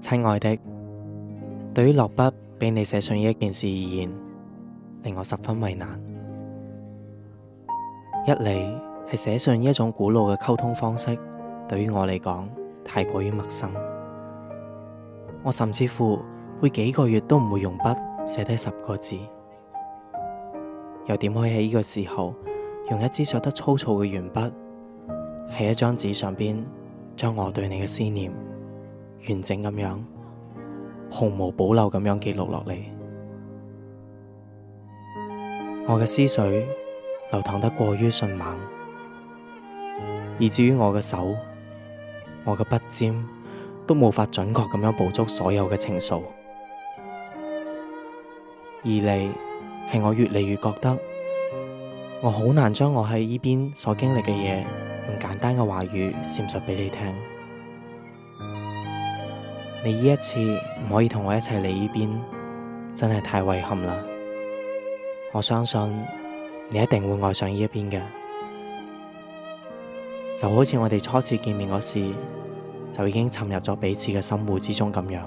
親愛的，對於落筆俾你寫上依一件事而言，令我十分為難。一嚟係寫上依一種古老嘅溝通方式，對於我嚟講太過於陌生。我甚至乎會幾個月都唔會用筆寫低十個字，又點可以喺呢個時候用一支寫得粗糙嘅鉛筆，喺一張紙上邊將我對你嘅思念完整咁樣，毫無保留咁樣記錄落嚟。我嘅思緒流淌得過於迅猛，以至於我嘅手、我嘅筆尖都無法準確咁樣捕捉所有嘅情愫。二嚟係我越嚟越覺得，我好難將我喺依邊所經歷嘅嘢，用簡單嘅話語闡述俾你聽。你依一次唔可以同我一齊嚟依邊，真係太遺憾啦！我相信你一定會愛上依一邊嘅，就好似我哋初次見面嗰時就已經沉入咗彼此嘅心湖之中咁樣。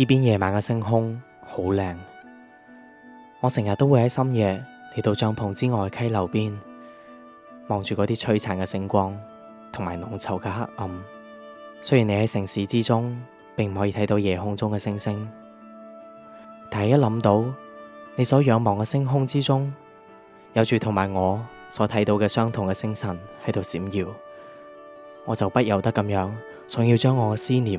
呢邊夜晚嘅星空好靚，我成日都會喺深夜嚟到帳篷之外嘅溪流邊，望住嗰啲璀璨嘅星光同埋濃稠嘅黑暗。雖然你喺城市之中並唔可以睇到夜空中嘅星星，但係一諗到你所仰望嘅星空之中有住同埋我所睇到嘅相同嘅星辰喺度閃耀，我就不由得咁樣想要將我嘅思念。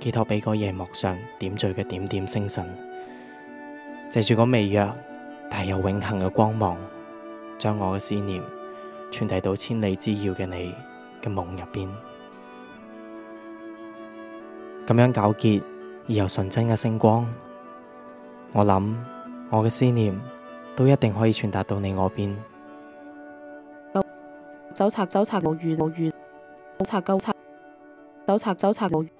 寄託俾個夜幕上點綴嘅點點星辰，借住個微弱但又永恒嘅光芒，將我嘅思念傳遞到千里之遙嘅你嘅夢入邊。咁樣皎潔而又純真嘅星光，我諗我嘅思念都一定可以傳達到你我邊。走擦走擦，冇怨、冇怨、走擦走擦，走擦走擦，冇怨。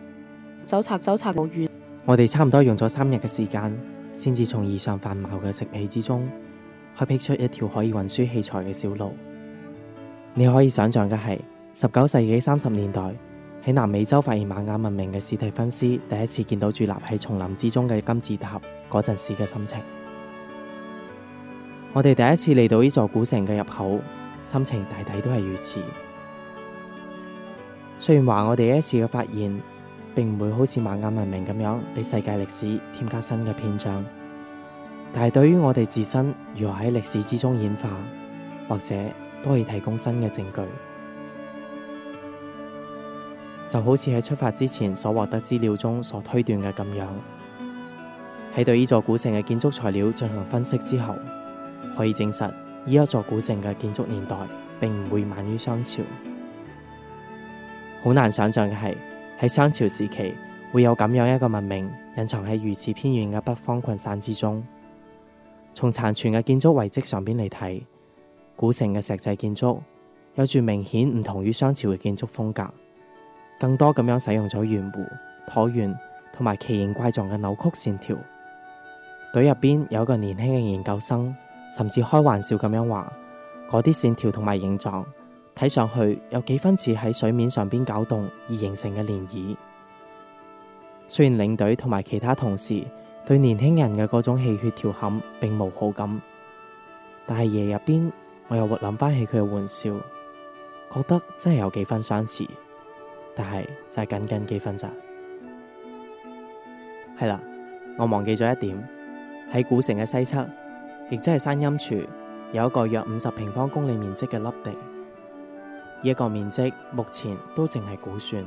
手擦手擦，無語。我哋差唔多用咗三日嘅時間，先至從異常繁茂嘅植被之中，開闢出一條可以運輸器材嘅小路。你可以想象嘅係，十九世紀三十年代喺南美洲發現瑪雅文明嘅史蒂芬斯，第一次見到矗立喺叢林之中嘅金字塔嗰陣時嘅心情。我哋第一次嚟到呢座古城嘅入口，心情大抵都係如此。雖然話我哋呢一次嘅發現，並唔會好似瑪雅文明咁樣，俾世界歷史添加新嘅篇章。但係對於我哋自身，如何喺歷史之中演化，或者都可以提供新嘅證據。就好似喺出發之前所獲得資料中所推斷嘅咁樣，喺對呢座古城嘅建築材料進行分析之後，可以證實呢一座古城嘅建築年代並唔會晚於商朝。好難想象嘅係。喺商朝時期會有咁樣一個文明隱藏喺如此偏遠嘅北方群山之中。從殘存嘅建築遺迹上邊嚟睇，古城嘅石製建築有住明顯唔同於商朝嘅建築風格，更多咁樣使用咗圓弧、橢圓同埋奇形怪狀嘅扭曲線條。隊入邊有一個年輕嘅研究生，甚至開玩笑咁樣話：嗰啲線條同埋形狀。睇上去有幾分似喺水面上邊攪動而形成嘅漣漪。雖然領隊同埋其他同事對年輕人嘅嗰種氣血調侃並無好感，但係夜入邊我又活諗翻起佢嘅玩笑，覺得真係有幾分相似，但係就係僅僅幾分咋。係啦，我忘記咗一點喺古城嘅西側，亦即係山陰處，有一個約五十平方公里面積嘅凹地。呢一個面積目前都淨係估算，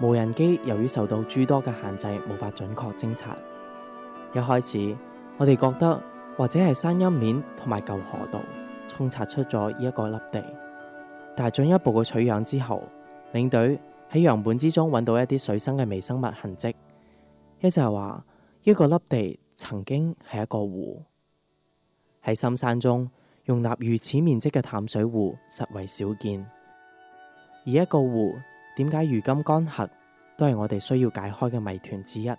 無人機由於受到諸多嘅限制，無法準確偵察。一開始我哋覺得或者係山陰面同埋舊河道沖刷出咗呢一個凹地，但係進一步嘅取樣之後，領隊喺樣本之中揾到一啲水生嘅微生物痕迹，一就係話呢一個凹地曾經係一個湖，喺深山中容納如此面積嘅淡水湖實為少見。而一個湖點解如今乾涸，都係我哋需要解開嘅謎團之一。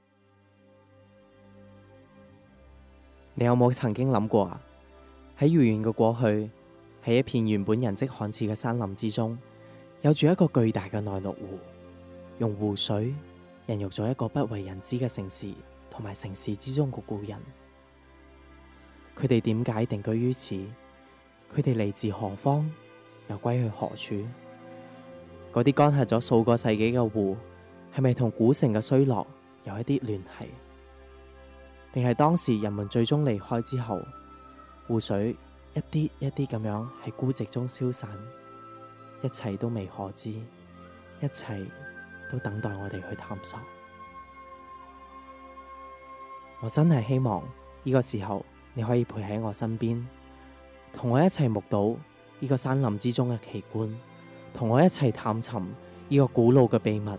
你有冇曾經諗過啊？喺遙遠嘅過去，喺一片原本人跡罕至嘅山林之中，有住一個巨大嘅內陸湖，用湖水孕育咗一個不為人知嘅城市，同埋城市之中嘅故人。佢哋點解定居於此？佢哋嚟自何方？又歸去何處？嗰啲乾涸咗數個世紀嘅湖，係咪同古城嘅衰落有一啲聯繫？定係當時人們最終離開之後，湖水一啲一啲咁樣喺孤寂中消散，一切都未可知，一切都等待我哋去探索。我真係希望呢個時候。你可以陪喺我身邊，同我一齊目睹呢個山林之中嘅奇觀，同我一齊探尋呢個古老嘅秘密。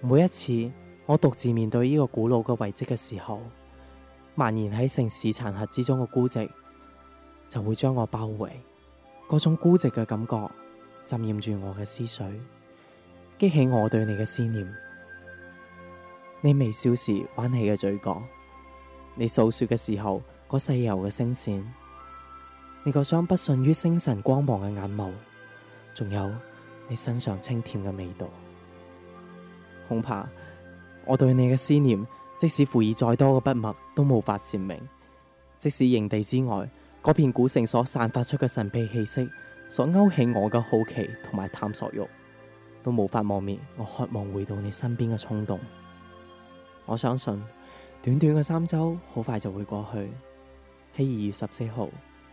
每一次我獨自面對呢個古老嘅遺迹嘅時候，蔓延喺城市殘骸之中嘅孤寂，就會將我包圍。嗰種孤寂嘅感覺浸染住我嘅思緒，激起我對你嘅思念。你微笑時彎起嘅嘴角，你訴說嘅時候。嗰細柔嘅聲線，你個雙不遜於星辰光芒嘅眼眸，仲有你身上清甜嘅味道，恐怕我對你嘅思念，即使賦以再多嘅筆墨都無法闡明。即使營地之外嗰片古城所散發出嘅神秘氣息，所勾起我嘅好奇同埋探索欲，都無法磨滅我渴望回到你身邊嘅衝動。我相信短短嘅三周好快就會過去。喺二月十四號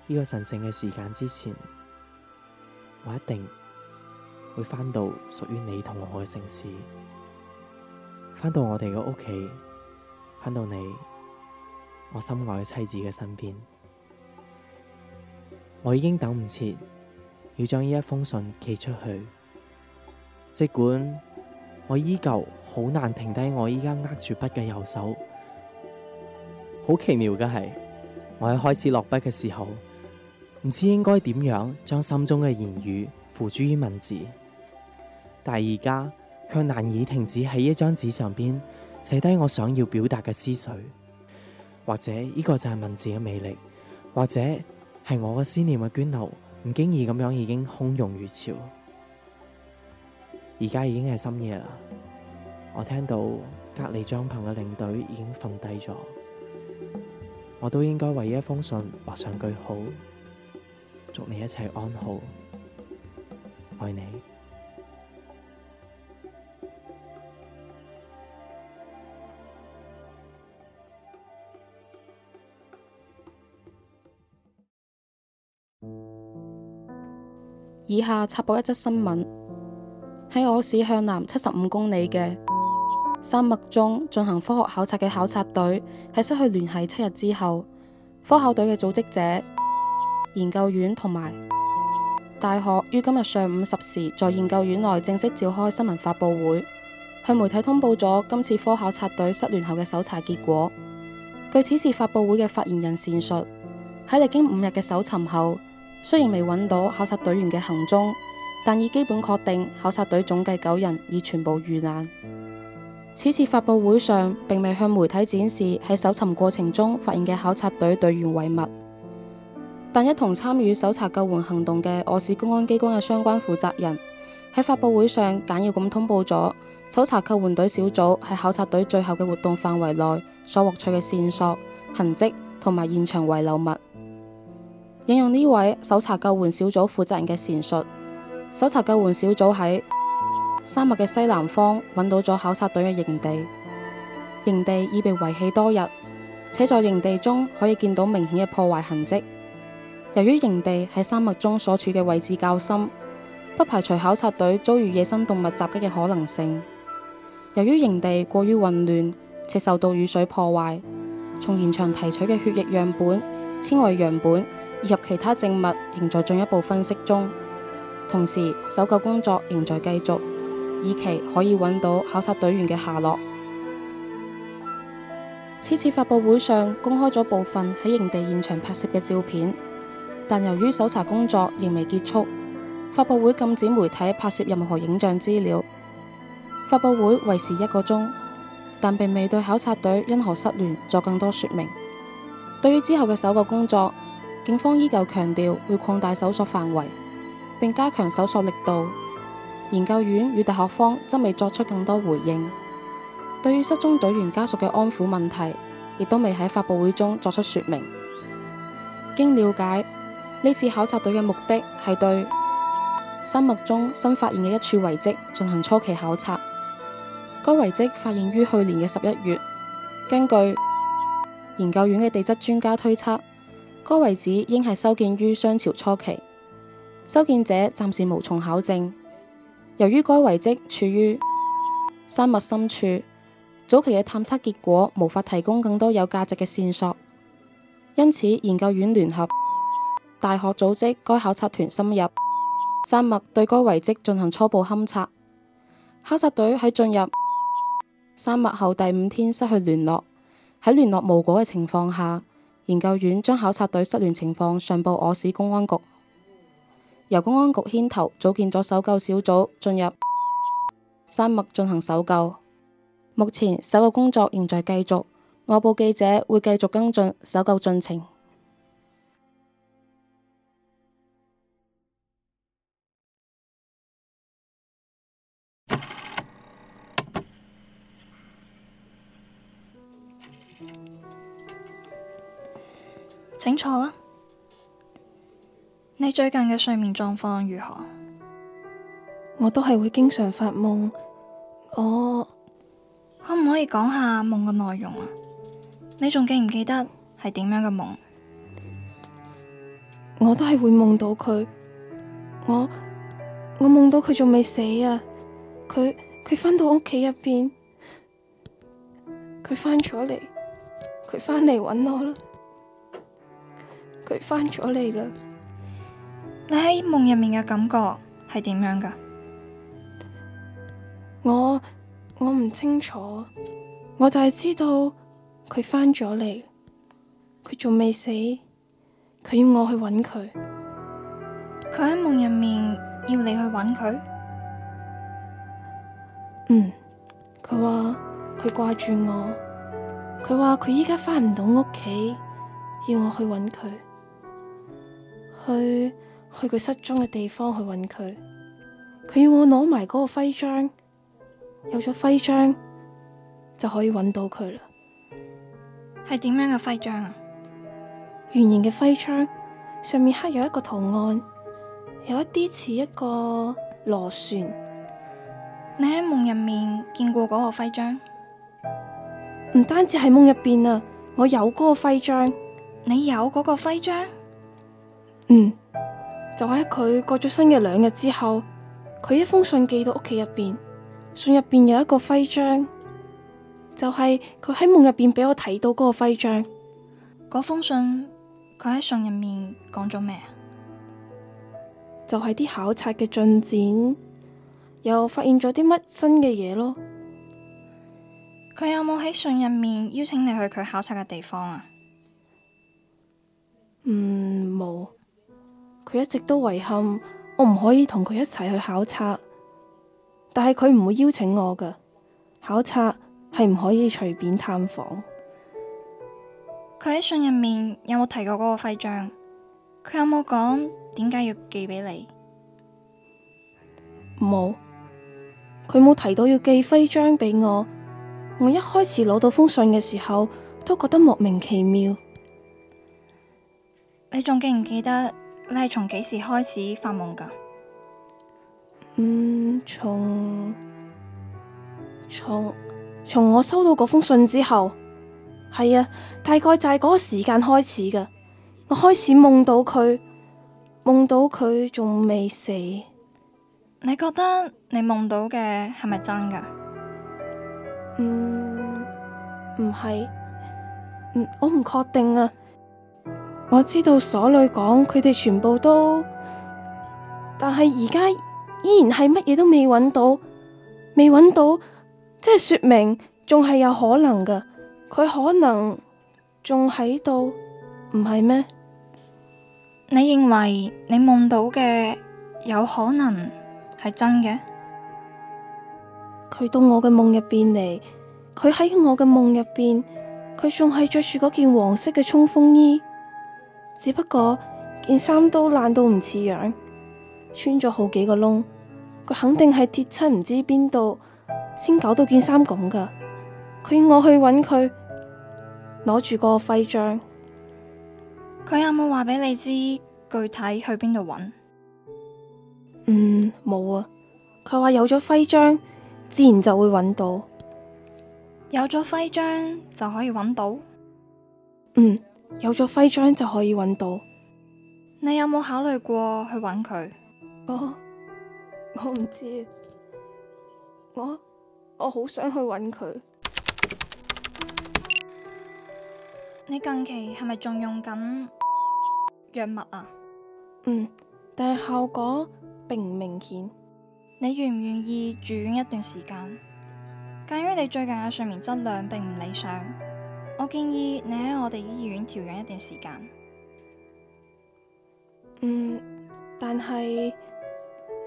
呢個神聖嘅時間之前，我一定會翻到屬於你同我嘅城市，翻到我哋嘅屋企，翻到你，我心愛嘅妻子嘅身邊。我已經等唔切，要將呢一封信寄出去，盡管我依舊好難停低我依家握住筆嘅右手，好奇妙嘅係。我喺開始落筆嘅時候，唔知應該點樣將心中嘅言語付諸於文字，但而家卻難以停止喺呢張紙上邊寫低我想要表達嘅思緒。或者呢個就係文字嘅魅力，或者係我嘅思念嘅涓流，唔經意咁樣已經洶湧如潮。而家已經係深夜啦，我聽到隔離帳篷嘅領隊已經瞓低咗。我都應該為一封信畫上句號，祝你一切安好，愛你。以下插播一則新聞，喺我市向南七十五公里嘅沙漠中進行科學考察嘅考察隊喺失去聯繫七日之後，科考隊嘅組織者、研究院同埋大學於今日上午十時在研究院內正式召開新聞發佈會，向媒體通報咗今次科考察隊失聯後嘅搜查結果。據此次發佈會嘅發言人闡述，喺歷經五日嘅搜尋後，雖然未揾到考察隊員嘅行蹤，但已基本確定考察隊總計九人已全部遇難。此次發布會上並未向媒體展示喺搜尋過程中發現嘅考察隊隊員遺物，但一同參與搜查救援行動嘅我市公安機關嘅相關負責人喺發佈會上簡要咁通報咗搜查救援隊小組喺考察隊最後嘅活動範圍內所獲取嘅線索、痕跡同埋現場遺留物。引用呢位搜查救援小組負責人嘅闡述，搜查救援小組喺山脈嘅西南方揾到咗考察隊嘅營地，營地已被遺棄多日，且在營地中可以見到明顯嘅破壞痕跡。由於營地喺山脈中所處嘅位置較深，不排除考察隊遭遇野生動物襲擊嘅可能性。由於營地過於混亂且受到雨水破壞，從現場提取嘅血液樣本、纖維樣本以及其他證物仍在進一步分析中，同時搜救工作仍在繼續。以期可以揾到考察隊員嘅下落。此次發佈會上公開咗部分喺營地現場拍攝嘅照片，但由於搜查工作仍未結束，發佈會禁止媒體拍攝任何影像資料。發佈會維持一個鐘，但並未對考察隊因何失聯作更多説明。對於之後嘅搜救工作，警方依舊強調會擴大搜索範圍，並加強搜索力度。研究院與大學方則未作出更多回應，對於失蹤隊員家屬嘅安撫問題，亦都未喺發佈會中作出說明。經了解，呢次考察隊嘅目的係對新墨中新發現嘅一處遺跡進行初期考察。該遺跡發現於去年嘅十一月，根據研究院嘅地質專家推測，該遺址應係修建於商朝初期，修建者暫時無從考證。由於該遺跡處於山脈深處，早期嘅探測結果無法提供更多有價值嘅線索，因此研究院聯合大學組織該考察團深入山脈對該遺跡進行初步勘測。考察隊喺進入山脈後第五天失去聯絡，喺聯絡無果嘅情況下，研究院將考察隊失聯情況上報我市公安局。由公安局牽頭組建咗搜救小組，進入山脈進行搜救。目前搜救工作仍在繼續，我報記者會繼續跟進搜救進程。請坐啦。你最近嘅睡眠狀況如何？我都係會經常發夢，我可唔可以講下夢嘅內容啊？你仲記唔記得係點樣嘅夢？我都係會夢到佢，我我夢到佢仲未死啊！佢佢翻到屋企入邊，佢翻咗嚟，佢翻嚟搵我啦，佢翻咗嚟啦。你喺夢入面嘅感覺係點樣㗎？我我唔清楚，我就係知道佢翻咗嚟，佢仲未死，佢要我去揾佢。佢喺夢入面要你去揾佢。嗯，佢話佢掛住我，佢話佢依家翻唔到屋企，要我去揾佢去。去佢失蹤嘅地方去揾佢，佢要我攞埋嗰個徽章，有咗徽章就可以揾到佢啦。係點樣嘅徽章啊？圓形嘅徽章，上面刻有一個圖案，有一啲似一個螺旋。你喺夢入面見過嗰個徽章？唔單止係夢入邊啊，我有嗰個徽章。你有嗰個徽章？嗯。就喺佢過咗身嘅兩日之後，佢一封信寄到屋企入邊，信入邊有一個徽章，就係佢喺夢入邊俾我睇到嗰個徽章。嗰封信佢喺信入面講咗咩？就係啲考察嘅進展，又發現咗啲乜新嘅嘢咯。佢有冇喺信入面邀請你去佢考察嘅地方啊？嗯，冇。佢一直都遺憾，我唔可以同佢一齊去考察，但係佢唔會邀請我嘅。考察係唔可以隨便探訪。佢喺信入面有冇提過嗰個徽章？佢有冇講點解要寄俾你？冇，佢冇提到要寄徽章俾我。我一開始攞到封信嘅時候，都覺得莫名其妙。你仲記唔記得？你係從幾時開始發夢噶？嗯，從從從我收到嗰封信之後，係啊，大概就係嗰個時間開始噶。我開始夢到佢，夢到佢仲未死。你覺得你夢到嘅係咪真噶？嗯，唔係，嗯，我唔確定啊。我知道所裏講佢哋全部都，但係而家依然係乜嘢都未揾到，未揾到，即係說明仲係有可能噶。佢可能仲喺度，唔係咩？你認為你夢到嘅有可能係真嘅？佢到我嘅夢入邊嚟，佢喺我嘅夢入邊，佢仲係着住嗰件黃色嘅衝鋒衣。只不過件衫都爛到唔似樣，穿咗好幾個窿，佢肯定係跌親唔知邊度，先搞到件衫咁噶。佢要我去揾佢，攞住個徽章。佢有冇話俾你知具體去邊度揾？嗯，冇啊。佢話有咗徽章，自然就會揾到。有咗徽章就可以揾到？嗯。有咗徽章就可以揾到。你有冇考慮過去揾佢？我我唔知。我我好想去揾佢。你近期係咪仲用緊藥物啊？嗯，但係效果並唔明顯。你願唔願意住院一段時間？鑒於你最近嘅睡眠質量並唔理想。我建議你喺我哋醫院調養一段時間。嗯，但係、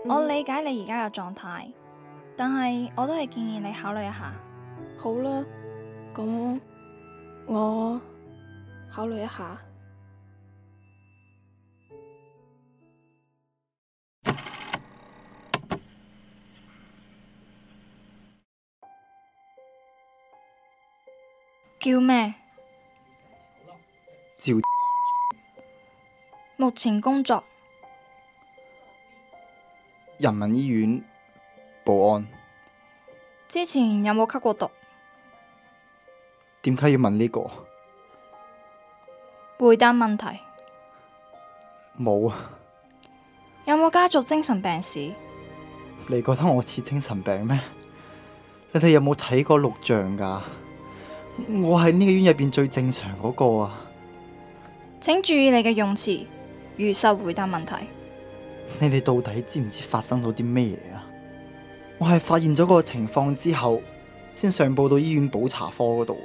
嗯、我理解你而家嘅狀態，但係我都係建議你考慮一下。好啦，咁我考慮一下。叫咩？照目前工作，人民醫院保安。之前有冇吸過毒？點解要問呢個？回答問題。冇啊有。 有冇家族精神病史？你覺得我似精神病咩？你哋有冇睇過錄像噶？我喺呢個院入邊最正常嗰個啊！請注意你嘅用詞，如實回答問題。你哋到底知唔知發生咗啲咩嘢啊？我係發現咗個情況之後，先上報到醫院補查科嗰度。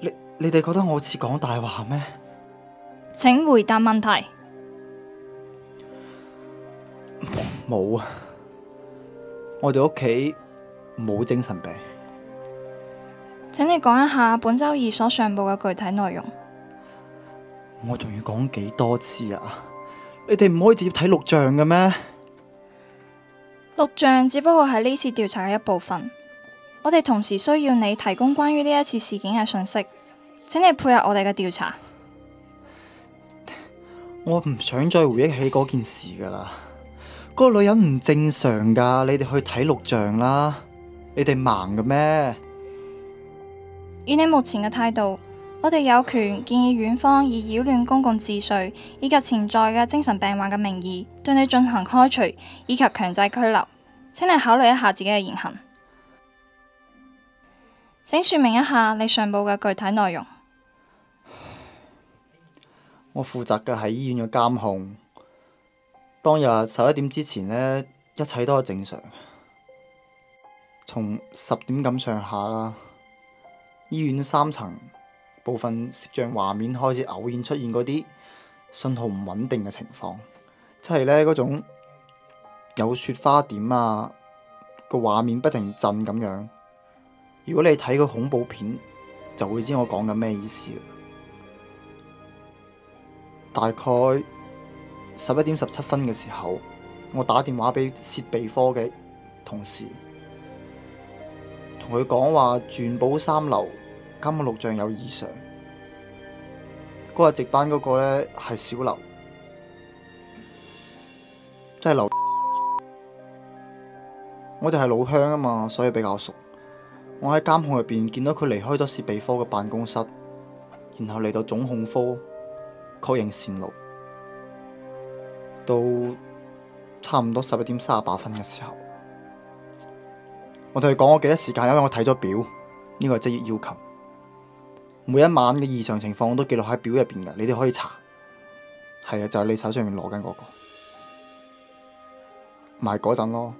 你你哋覺得我似講大話咩？請回答問題。冇啊， 我哋屋企冇精神病。請你講一下本周二所上報嘅具體內容。我仲要講幾多次啊？你哋唔可以直接睇錄像嘅咩？錄像只不過係呢次調查嘅一部分。我哋同時需要你提供關於呢一次事件嘅信息，請你配合我哋嘅調查。我唔想再回憶起嗰件事噶啦。個女人唔正常噶，你哋去睇錄像啦。你哋盲嘅咩？以你目前嘅態度，我哋有權建議院方以擾亂公共秩序以及潛在嘅精神病患嘅名義，對你進行開除以及強制拘留，請你考慮一下自己嘅言行，請說明一下你上報嘅具體內容。我負責嘅係醫院嘅監控，當日十一點之前呢，一切都正常，從十點咁上下啦。醫院三層部分攝像畫面開始偶然出現嗰啲信號唔穩定嘅情況，即係咧嗰種有雪花點啊，個畫面不停震咁樣。如果你睇個恐怖片，就會知我講緊咩意思。大概十一點十七分嘅時候，我打電話俾設備科嘅同事，同佢講話轉保三樓。監控錄像有異常，嗰日值班嗰個呢，係小劉，即係劉，我哋係老鄉啊嘛，所以比較熟。我喺監控入邊見到佢離開咗設備科嘅辦公室，然後嚟到總控科確認綫路，到差唔多十一點三十八分嘅時候，我同佢講我幾多時間，因為我睇咗表，呢、呢個係職業要求。每一晚嘅異常情況，我都記錄喺表入邊噶。你哋可以查。係啊，就係你手上面攞緊嗰個，唔係嗰陣咯。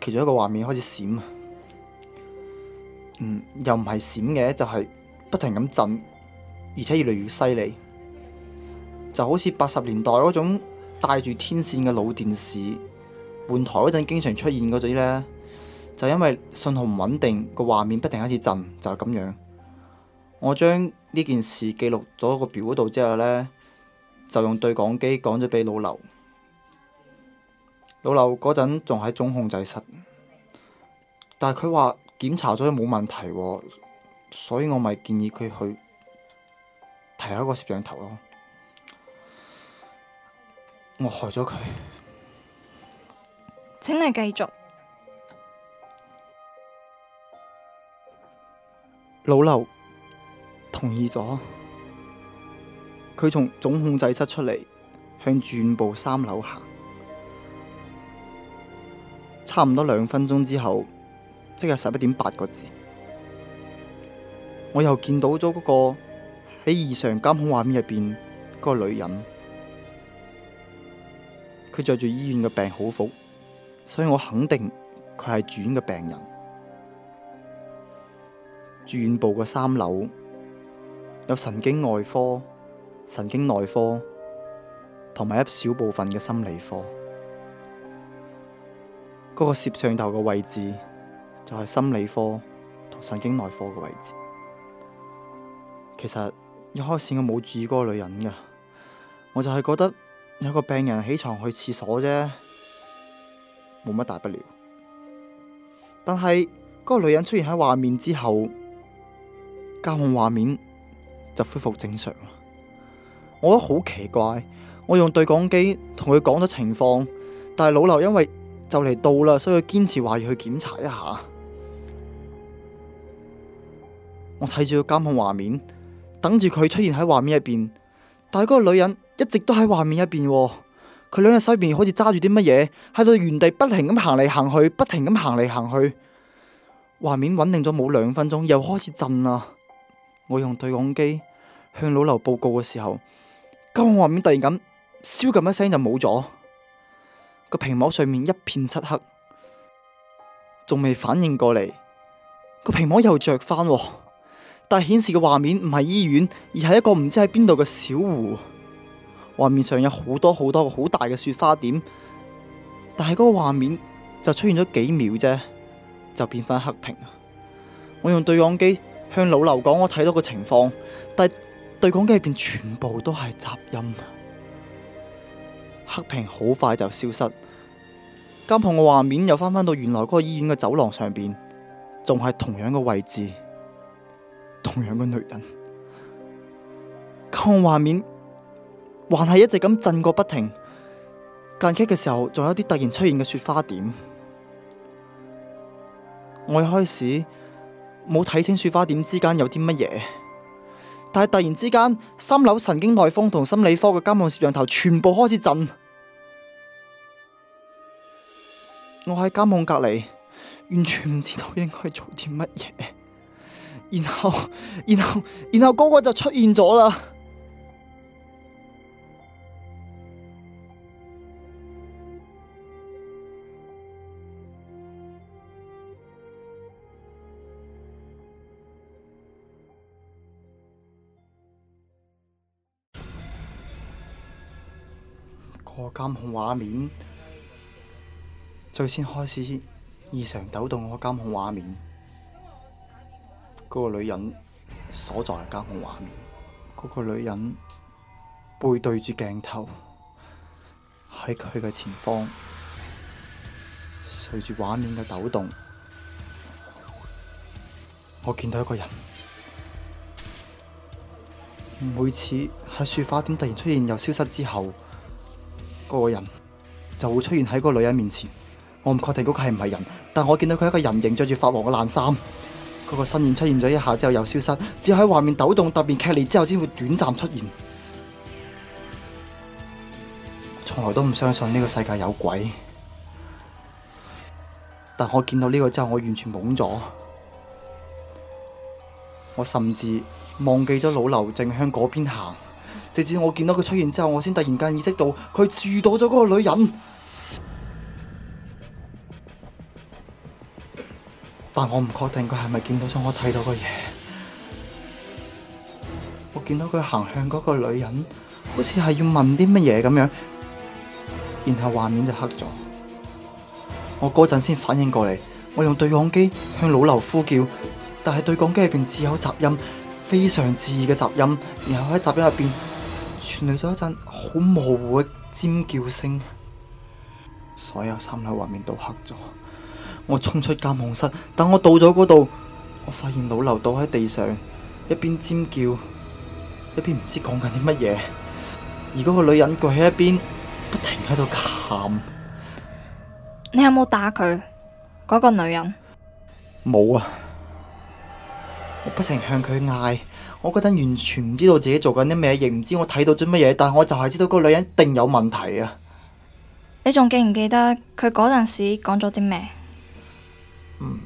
其中一個畫面開始閃啊，嗯，又唔係閃嘅，就係不停咁震，而且越嚟越犀利，就好似八十年代嗰種帶住天線嘅老電視換台嗰陣，經常出現嗰啲呢，就因為信號唔穩定，個畫面不停開始震，就係咁樣。我將呢件事記錄咗個表度之後呢，就用對講機講咗畀老劉。老劉嗰陣仲喺總控制室，但係佢話檢查咗都冇問題喎，所以我咪建議佢去睇下個攝像頭咯。我害咗佢。請你繼續。老劉同意咗，佢從總控制室出嚟，向住院部三樓行。差唔多兩分鐘之後，即係十一點八個字，我又見到咗嗰、那個喺異常監控畫面入邊嗰個女人，佢着住醫院嘅病號服，所以我肯定佢係住院嘅病人。住院部嘅三樓。有神經外科、神經內科同埋一小部分嘅心理科。嗰、那個攝像頭嘅位置就係、是、心理科同神經內科嘅位置。其實一開始我冇注意嗰個女人㗎，我就係覺得有個病人起床去廁所啫，冇乜大不了。但係嗰、那個女人出現喺畫面之後，監控畫面。就恢復正常。我覺得好奇怪，我用對講機同佢講咗情況，但係老劉因為就嚟到啦，所以佢堅持話要去檢查一下。我睇住個監控畫面，等住佢出現喺畫面入邊，但係嗰個女人一直都喺畫面入邊。佢兩隻手入邊好似揸住啲乜嘢，喺度原地不停咁行嚟行去，不停咁行嚟行去。畫面穩定咗冇兩分鐘，又開始震啦。我用對講機。向老劉報告嘅時候，監控畫面突然咁燒咁一聲就冇咗，個屏幕上面一片漆黑，仲未反應過嚟，個屏幕又着翻，哦，但係顯示嘅畫面唔係醫院，而係一個唔知喺邊度嘅小湖，畫面上有好多好多好大嘅雪花點，但係嗰個畫面就出現咗幾秒啫，就變翻黑屏。我用對講機向老劉講我睇到嘅情況，但對講機入邊全部都係雜音，黑屏好快就消失。監控嘅畫面又翻返到原來嗰個醫院嘅走廊上邊，仲係同樣嘅位置，同樣嘅女人。監控畫面還係一直咁震個不停，間隙嘅時候仲有啲突然出現嘅雪花點。我一開始冇睇清雪花點之間有啲乜嘢。但係突然之間，三樓神經內科同心理科嘅監控攝像頭全部開始震，我喺監控隔離，完全唔知道應該做啲乜嘢。然後，然後，然後嗰個就出現咗啦。監控畫面最先開始異常抖動，我監控畫面，嗰個女人所在嘅監控畫面，嗰個女人背對住鏡頭，喺佢嘅前方，隨住畫面嘅抖動，我見到一個人。每次喺雪花點突然出現又消失之後。個個人就會出現喺個女人面前，我唔確定嗰個係唔係人，但我見到佢一個人形着住發黃嘅爛衫，嗰、嗰個身影出現咗一下之後又消失，只喺畫面抖動特別劇烈，之後先會短暫出現。從來都唔相信呢個世界有鬼，但我見到呢個之後我完全懵咗，我甚至忘記咗老劉正向嗰邊行。直至我見到佢出現之後，我先突然間意識到佢住到咗嗰個女人，但我唔確定佢係咪見到咗我睇到嘅嘢。我見到佢行向嗰個女人，好似係要問啲乜嘢咁樣，然後畫面就黑咗。我嗰陣先反應過嚟，我用對講機向老劉呼叫，但係對講機入邊只有雜音，非常刺耳嘅雜音，然後喺雜音入邊，傳嚟咗一陣好模糊嘅尖叫聲，所有三樓畫面都黑咗。我衝出監控室，等我到咗嗰度，我發現老劉倒喺地上，一邊尖叫，一邊唔知講緊啲乜嘢。而嗰個女人跪喺一邊，不停喺度喊。你有冇打佢？嗰個女人冇啊！我不停向佢嗌。我嗰陣完全唔知道自己做緊啲咩，亦唔知我睇到咗乜嘢，但係我就係知道嗰個女人一定有問題啊！你仲記唔記得佢嗰陣時講咗啲咩？嗯，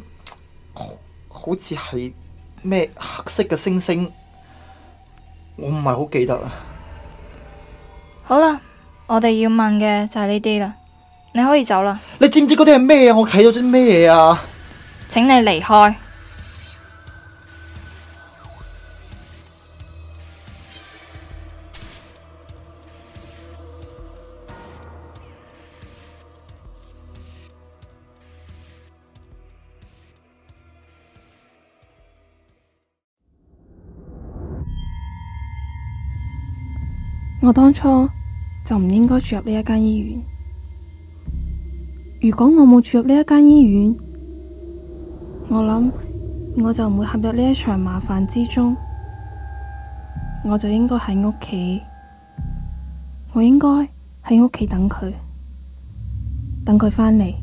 好似係咩黑色嘅星星，我唔係好記得啊。好啦，我哋要問嘅就係呢啲啦，你可以走啦。你知唔知嗰啲係咩啊？我睇到咗咩啊？請你離開。我當初就唔應該住入呢一間醫院。如果我冇住入呢一間醫院，我諗我就唔會陷入呢一場麻煩之中。我就應該喺屋企，我應該喺屋企等佢，等佢翻嚟。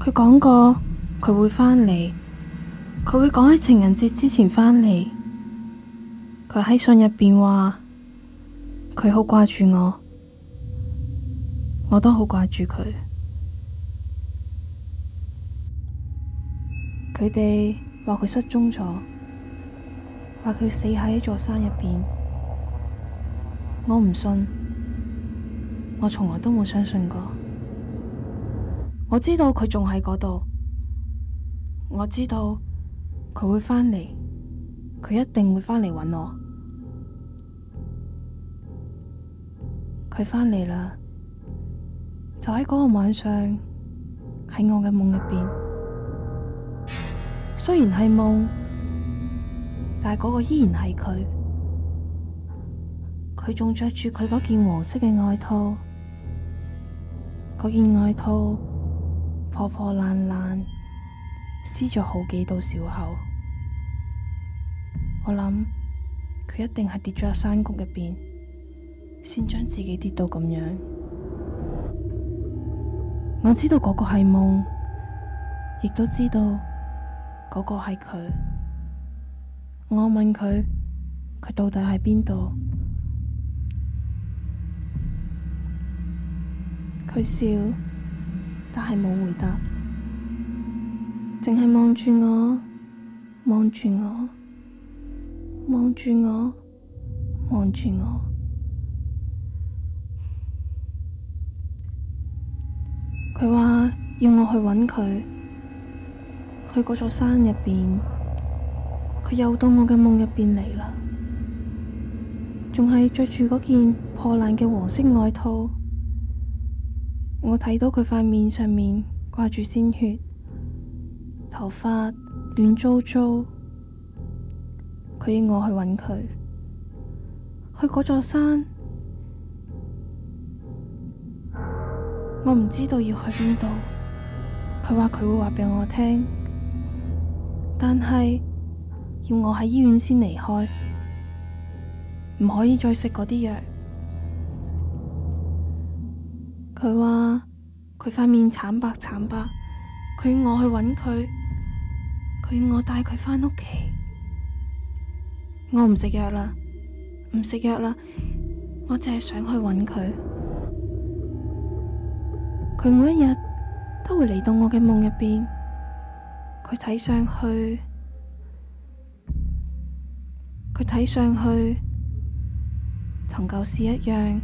佢講過佢會翻嚟，佢會翻嚟，佢會講喺情人節之前翻嚟。佢喺信入邊話佢好掛住我，我都好掛住佢。佢哋話佢失蹤咗，話佢死喺一座山入邊。我唔信，我從來都冇相信過。我知道佢仲喺嗰度，我知道佢會翻嚟。佢一定會返嚟揾我。佢返嚟啦，就喺嗰個晚上喺我嘅夢入邊。雖然係夢，但係嗰個依然係佢。佢仲着住佢嗰件黃色嘅外套，嗰件外套破破爛爛，撕咗好幾道小口。我諗佢一定係跌咗入山谷入邊，先將自己跌到咁樣。我知道嗰個係夢，亦都知道嗰個係佢。我問佢，佢到底喺邊度？佢笑，但係冇回答，淨係望住我，望住我。望住我，望住我。佢話要我去揾佢，去嗰座山入面。佢又到我嘅夢入面嚟啦，仲係着住嗰件破爛嘅黃色外套。我睇到佢塊面上面掛住鮮血，頭髮亂糟糟。佢要我去揾佢，去嗰座山。我唔知道要去邊度。佢話佢會話俾我聽，但係要我喺醫院先離開，唔可以再食嗰啲藥。佢話佢塊面慘白慘白，佢要我去揾佢，佢要我帶佢返屋企。我唔食藥啦，唔食藥啦，我淨係想去揾佢。佢每一日都會嚟到我嘅夢入邊，佢睇上去，佢睇上去同舊時一樣。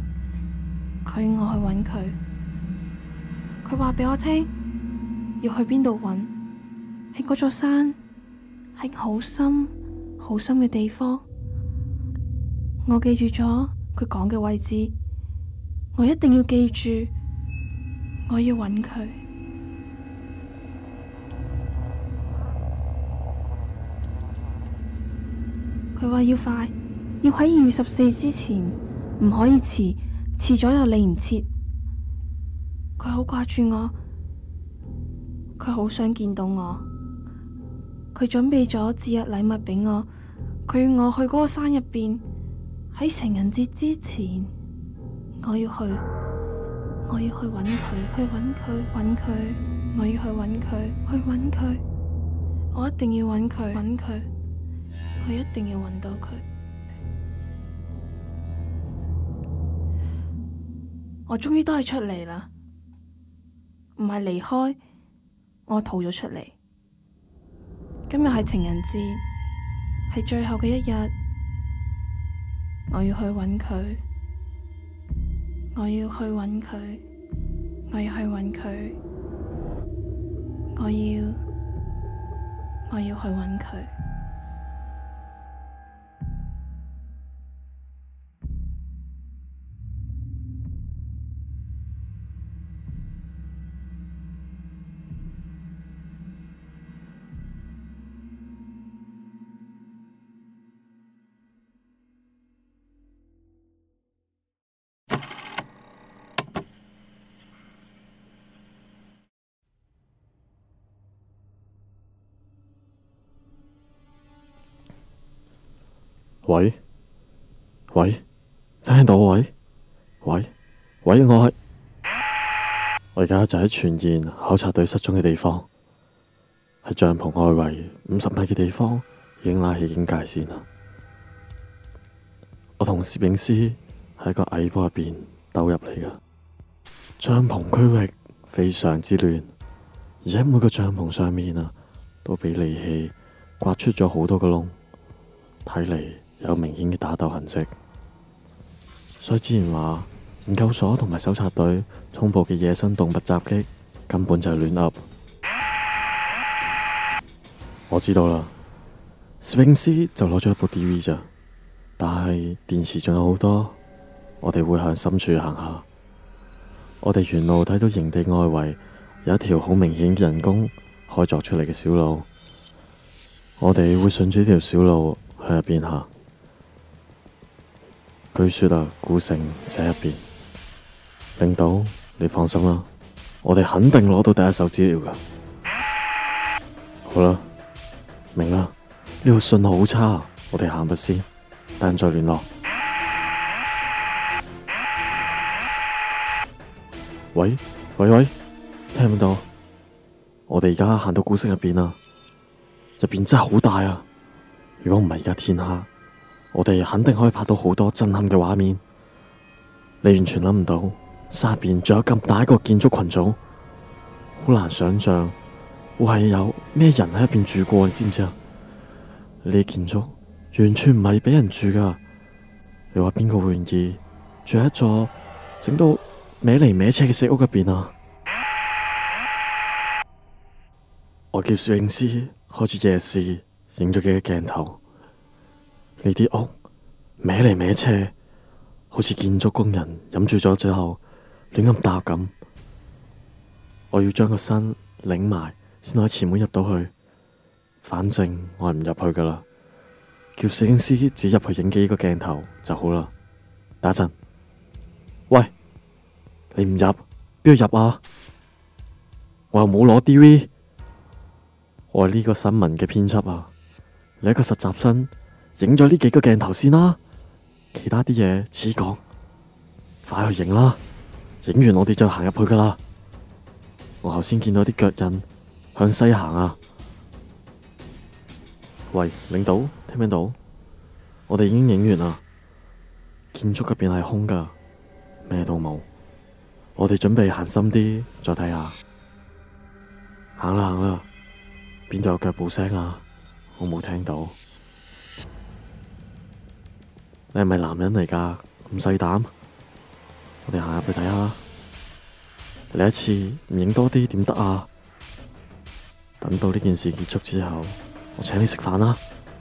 佢我去揾佢，佢話俾我聽要去邊度揾，喺嗰座山，喺好深。好深嘅地方，我記住咗佢講嘅位置，我一定要記住，我要揾佢。佢話要快，要喺二月十四之前，唔可以遲，遲咗又嚟唔切。佢好掛住我，佢好想見到我。佢準備咗節日禮物俾我，佢要我去嗰個山入邊，喺情人節之前，我要去，我要去揾佢，去揾佢，揾佢，我要去揾佢，去揾佢，我一定要揾佢，揾佢，我一定要揾到佢，我終於都係出嚟啦，唔係離開，我逃咗出嚟。今日係情人節，係最後嘅一日。我要去揾佢，我要去揾佢，我要去揾佢，我要，我要去揾佢。喂，喂，聽到？喂，喂，喂， 我係，我而家就喺傳言考察隊失蹤嘅地方，喺帳篷外圍五十米嘅地方已經拉起警戒線啦。我同攝影師喺個矮坡入邊兜入嚟嘅，帳篷區域非常之亂，而且每個帳篷上面啊都俾利器刮出咗好多個窿，睇嚟。有明顯嘅打鬥痕跡，所以之前話研究所同埋搜查隊通報嘅野生動物襲擊根本就係亂噏。 我知道啦，史賓斯就攞咗一部 D.V. 咋，但係電池仲有好多，我哋會向深處行下。我哋沿路睇到營地外圍有一條好明顯嘅人工開鑿出嚟嘅小路，我哋會順住呢條小路向入邊行。據說啊，古城就喺入邊。領導，你放心啦，我哋肯定攞到第一手資料噶。好啦，明啦。呢個信號好差，我哋行唔先，等陣再聯絡。喂喂喂，聽唔到？我哋而家行到古城入邊啦，入邊真係好大啊！如果唔係而家天黑。我哋肯定可以拍到好多震撼嘅畫面，你完全諗唔到山入邊仲有咁大一個建築群組，好難想象會係有咩人喺入邊住過，你知唔知啊？呢建築完全唔係俾人住噶你話邊個會願意住喺一座整到歪嚟歪斜嘅石屋入邊啊？嗯、我叫攝影師開始夜視影咗幾個鏡頭，呢啲屋。咩嚟咩車，好似建築工人飲醉咗之後亂咁搭咁。我要將個身擰埋，先可以前門入到去。反正我係唔入去噶啦，叫攝影師只入去影幾個鏡頭就好啦。等陣，喂，你唔入，邊度入啊？我又冇攞 D V，我係呢個新聞嘅編輯啊，你一個實習生，影咗呢幾個鏡頭先啦，啊。其他啲嘢遲講，快去影啦！影完我哋就行入去噶啦。我頭先見到啲腳印向西行啊！喂，領導，聽唔聽到？我哋已經影完啦，建築入邊係空噶，咩都冇。我哋準備行深啲再睇下。行啦行啦，邊度有腳步聲啊？我冇聽到。你係咪男人嚟噶？咁細膽，我哋行入去睇下。嚟一次唔影多啲點得啊？等到呢件事結束之後，我請你食飯啦！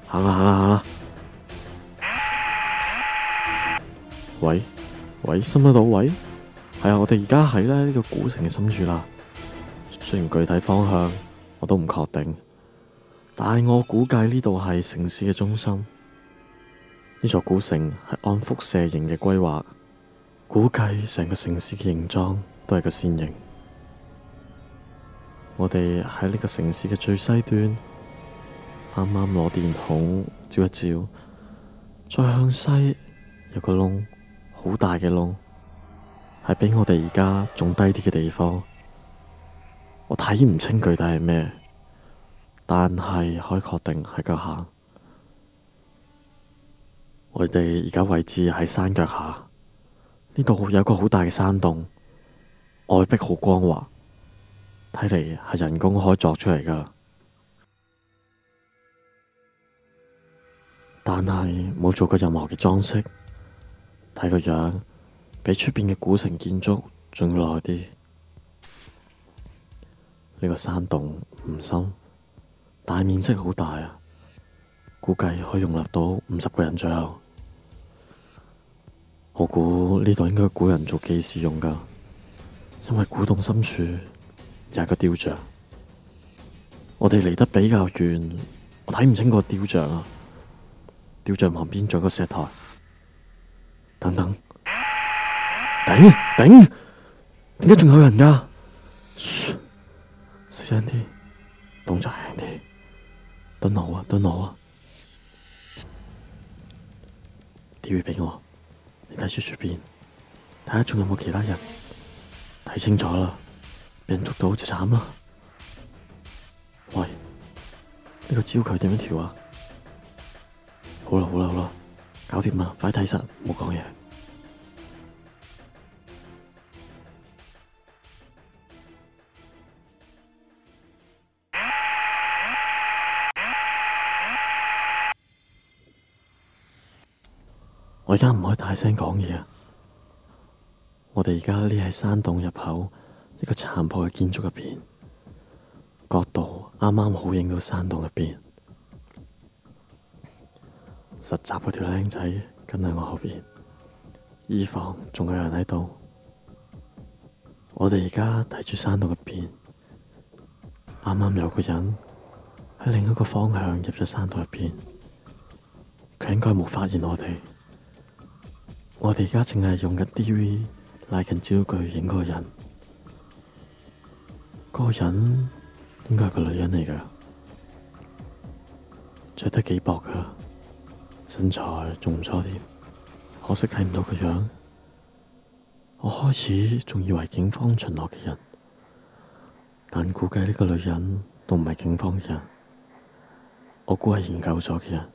行啦行啦行啦。喂喂，收得到？喂，係啊，我哋而家喺呢呢個古城嘅深處啦。雖然具體方向我都唔確定，但係我估計呢度係城市嘅中心。呢座古城係按輻射型嘅規劃，估計成個城市嘅形狀都係個扇形。我哋喺呢個城市嘅最西端，啱啱攞電筒照一照，再向西有個窿，好大嘅窿，係比我哋而家仲低啲嘅地方。我睇唔清具體係咩，但係可以確定喺腳下。我哋而家位置喺山腳下，呢度有一個好大嘅山洞，外壁好光滑，睇嚟係人工開鑿出嚟噶，但係冇做過任何嘅裝飾。睇個樣，比出邊嘅古城建築仲要耐啲。呢個山洞唔深，但係面積好大啊，估計可以容納到五十個人左右。我估呢度應該古人做記事用噶，因為古洞深處有一個雕像。我哋離得比較遠，我睇唔清個雕像啊。雕像旁邊仲有個石台。等等，頂頂，點解仲有人呀？小聲啲，動作輕啲，等我啊，等我啊，電話俾我。睇住出邊，睇下仲有冇其他人，睇清楚啦。俾人捉到就慘啦。喂，呢個焦距點樣調啊？好啦好啦好啦，搞掂啦，快啲睇實，冇講嘢。我而家唔可以大聲講嘢啊！我哋而家匿喺山洞入口一個殘破嘅建築入邊，角度啱啱好影到山洞入邊。實習嗰條僆仔跟喺我後邊，以防仲有人喺度。我哋而家睇住山洞入邊，啱啱有個人喺另一個方向入咗山洞入邊，佢應該冇發現我哋。我哋而家淨係用緊 D.V. 拉近焦距影個人，個人應該係個女人嚟噶，着得幾薄噶，身材仲唔錯添，可惜睇唔到個樣。我開始仲以為警方巡邏嘅人，但估計呢個女人都唔係警方嘅人，我估係研究所嘅人，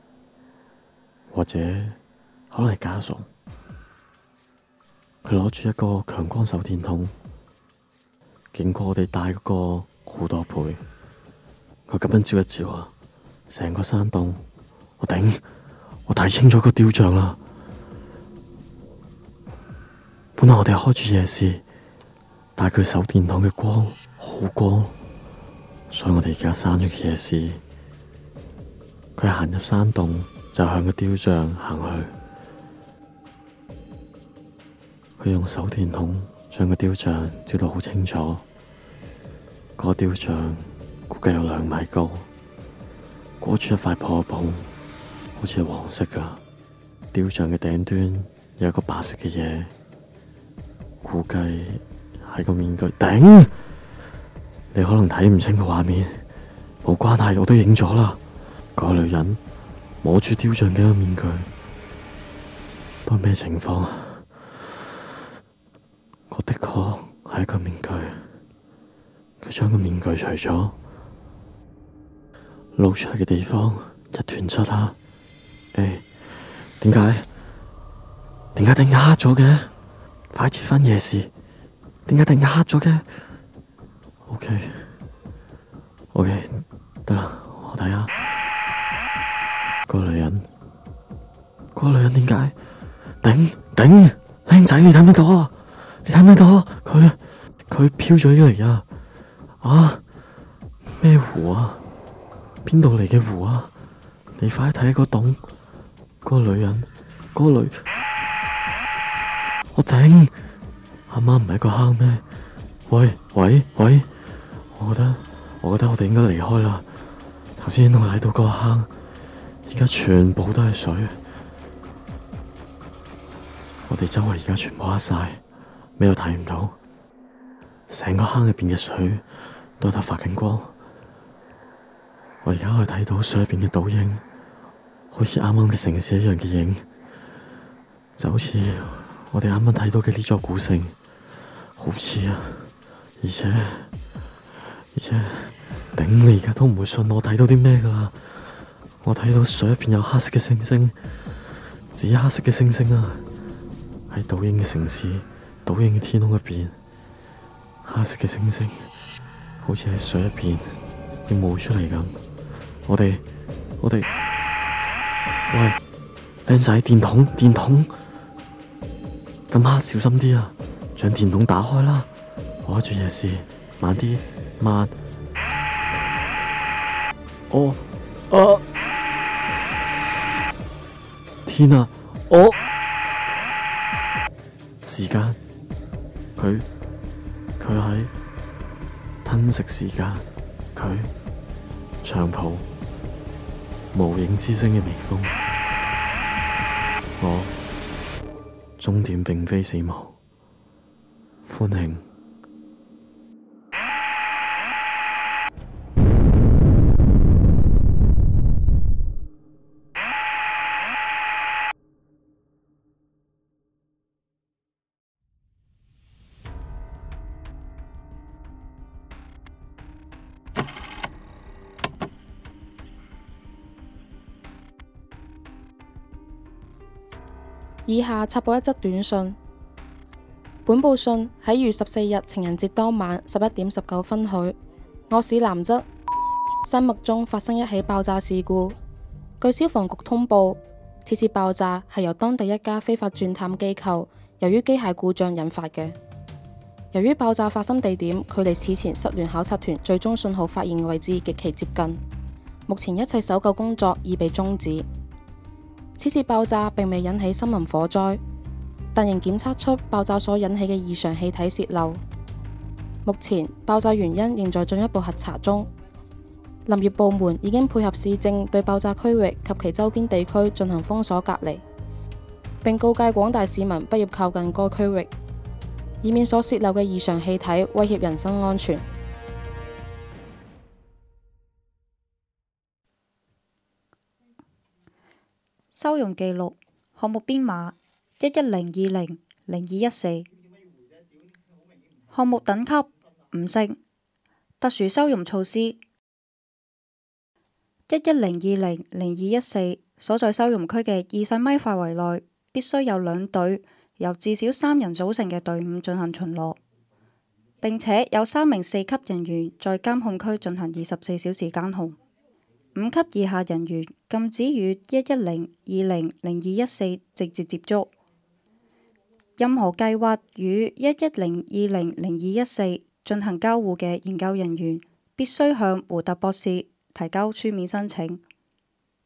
或者可能係家屬。佢攞住一個強光手電筒，勁過我哋帶嗰個好多倍。佢咁樣照一照啊，成個山洞，我頂，我睇清楚個雕像啦。本來我哋開住夜視，但係佢手電筒嘅光好光，所以我哋而家閂咗個夜視。佢行入山洞，就向個雕像行去。佢用手電筒將個雕像照到好清楚，個雕像估計有兩米高，裹住一塊破布，好似係黃色噶。雕像嘅頂端有一個白色嘅嘢，估計係個面具。頂，你可能睇唔清個畫面，冇關係，我都影咗啦。個女人摸住雕像嘅個面具，都係咩情況啊？我的確係一個面具，佢將個面具除咗，露出嚟嘅地方一團漆黑，誒、欸，點解？點解定黑咗嘅？快切翻夜視，點解定黑咗嘅？OK，OK，得啦，我睇下，個女人，個女人點解？頂頂靚仔，你睇唔到啊？你睇唔睇到？佢佢飄咗起嚟啊！啊，咩湖啊？邊度嚟嘅湖啊？你快睇個洞，個女人，個女，我頂！阿媽唔係個坑咩？喂喂喂！我覺得我覺得我哋應該離開啦。頭先我睇到個坑，而家全部都係水，我哋周圍而家全部黑晒。咩都睇唔到，成個坑入邊嘅水都得發緊光。我而家可以睇到水入邊嘅倒影，好似啱啱嘅城市一樣嘅影，就好似我哋啱啱睇到嘅呢座古城，好似啊。而且而且，頂你而家都唔會信我睇到啲咩噶啦。我睇到水入邊有黑色嘅星星，紫黑色嘅星星啊，係倒影嘅城市。倒影嘅天空入邊，黑色嘅星星，好似喺水入邊要冒出嚟咁。我哋，我哋，喂，靚仔，電筒，電筒，咁黑，小心啲啊！將電筒打開啦，我做夜事，慢啲，慢。我、哦，我、啊，天啊！我、哦，時間。佢，佢喺吞食時間，佢長袍無影之聲嘅微風，我終點並非死亡，歡慶。以下插播一則短信。本報訊喺二月十四日情人節當晚十一點十九分許，我市南側山脈中發生一起爆炸事故。據消防局通報，此次，次爆炸係由當地一家非法鑽探機構由於機械故障引發嘅。由於爆炸發生地點距離此前失聯考察團最終信號發現位置極其接近，目前一切搜救工作已被終止。此次爆炸並未引起森林火災，但仍檢測出爆炸所引起嘅異常氣體洩漏。目前爆炸原因仍在進一步核查中。林業部門已經配合市政對爆炸區域及其周邊地區進行封鎖隔離，並告誡廣大市民不要靠近該區域，以免所洩漏嘅異常氣體威脅人身安全。收容記錄，項目編碼一一零二零零二一四，20，項目等級五星，特殊收容措施：一一零二零零二一四所在收容區嘅二十米範圍內必須有兩隊由至少三人組成嘅隊伍進行巡邏，並且有三名四級人員在監控區進行二十四小時監控。五級以下人員禁止與一一零二零零二一四直接接觸。任何計劃與一一零二零零二一四進行交互嘅研究人員，必須向胡特博士提交書面申請，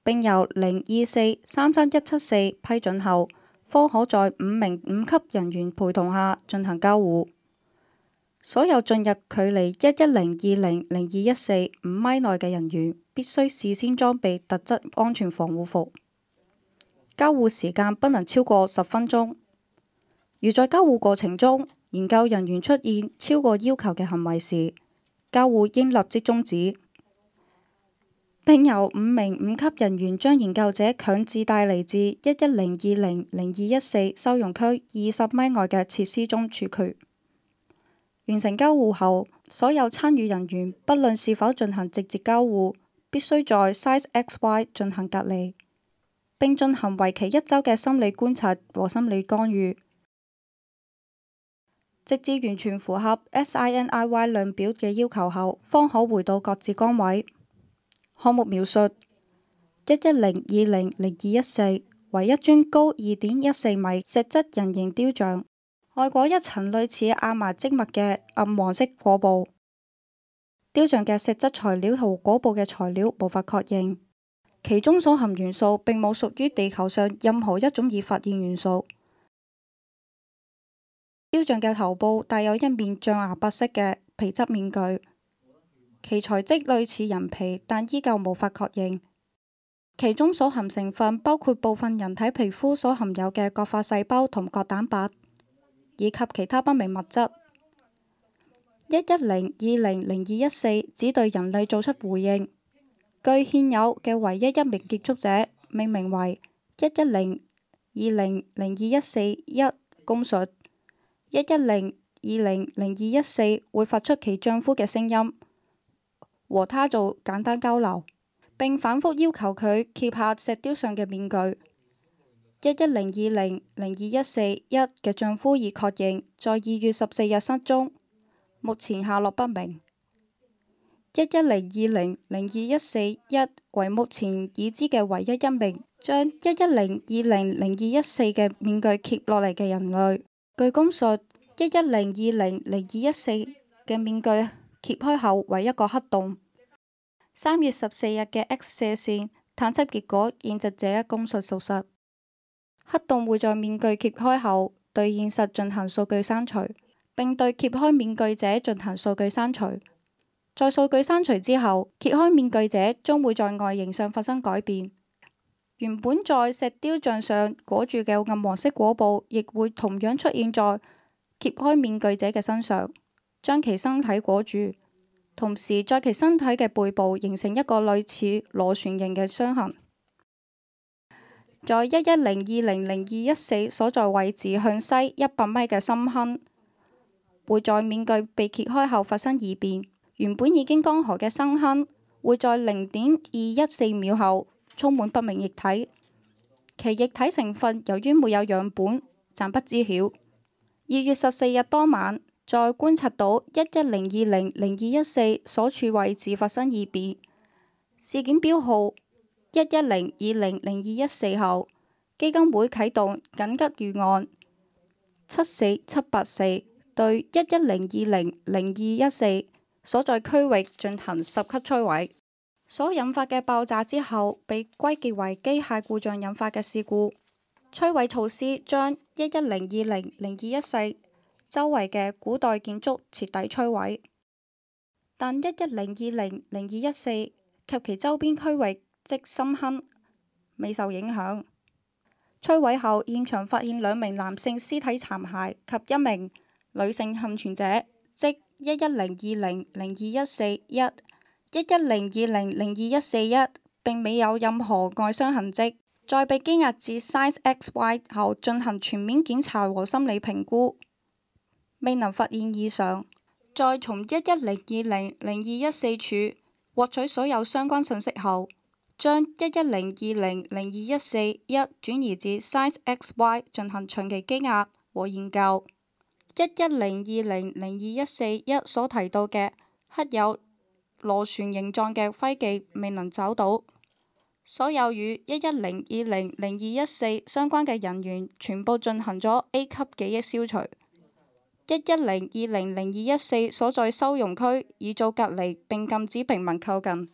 並由零二四三三一七四批准後，方可在五名五級人員陪同下進行交互。所有進入距離一一零二零零二一四五米內嘅人員，必須事先裝備特質安全防護服，交互時間不能超過十分鐘。如在交互過程中，研究人員出現超過要求嘅行為時，交互應立即終止，並由五名五級人員將研究者強制帶離至一一零二零零二一四收容區二十米外嘅設施中處決。完成交互後，所有參與人員不論是否進行直接交互。必須在 size X Y 進行隔離，並進行為期一周嘅心理觀察和心理干預，直至完全符合 S I N I Y 量表嘅要求後，方可回到各自崗位。項目描述：一一零二零零二一四，為一尊高二點一四米石質人形雕像，外裹一層類似亞麻織物嘅暗黃色裹布。雕像嘅石質材料同果部嘅材料無法確認，其中所含元素並冇屬於地球上任何一種已發現元素。雕像嘅頭部帶有一面象牙白色嘅皮質面具，其材質類似人皮，但依舊無法確認。其中所含成分包括部分人體皮膚所含有嘅角化細胞同角蛋白，以及其他不明物質。一一零二零零二一四只對人類做出回應，據現有嘅唯一一名接觸者，命名為一一零二零零二一四一供述。一一零二零零二一四會發出其丈夫嘅聲音，和他做簡單交流，並反覆要求佢揭下石雕上嘅面具。一一零二零零二一四一嘅丈夫已確認在二月十四日失蹤。目前下落不明。一一零二零零二一四一為目前已知嘅唯一一名將一一零二零零二一四嘅面具揭落嚟嘅人類據。據供述，一一零二零零二一四嘅面具揭開後為一個黑洞。三月十四日嘅 X 射線探測結果驗證這一供述屬實。黑洞會在面具揭開後對現實進行數據刪除。並對揭開面具者進行數據刪除。在數據刪除之後，揭開面具者將會在外形上發生改變。原本在石雕像上裹住嘅暗黃色裹布，亦會同樣出現在揭開面具者嘅身上，將其身體裹住，同時在其身體嘅背部形成一個類似螺旋形嘅傷痕。在一一零二零零二一四所在位置向西一百米嘅深坑，會在面具被揭開後發生異變，原本已經乾涸嘅生坑會在零點二一四秒後充滿不明液體，其液體成分由於沒有樣本，暫不知曉。二月十四日當晚，在觀察到一一零二零零二一四所處位置發生異變事件標號一一零二零零二一四後，基金會啟動緊急預案七四七八四。1> 對一一零二零零二一四所在區域進行十級摧毀，所引發嘅爆炸之後，被歸結為機械故障引發嘅事故。摧毀措施將一一零二零零二一四周圍嘅古代建築徹底摧毀，但一一零二零零二一四及其周邊區域即深坑未受影響。摧毀後，現場發現兩名男性屍體殘骸及一名。女性幸存者，即一一零二零零二一四一一一零二零零二一四一，並未有任何外傷痕跡。在被拘押至 s i z e XY 後，進行全面檢查和心理評估，未能發現異常。在從一一零二零零二一四處獲取所有相關信息後，將一一零二零零二一四一轉移至 s i z e XY 進行長期拘押和研究。一一零二零零二一四一所提到嘅刻有螺旋形狀嘅徽記未能找到，所有與一一零二零零二一四相關嘅人員全部進行咗 A 級記憶消除。一一零二零零二一四所在收容區已做隔離，並禁止平民靠近。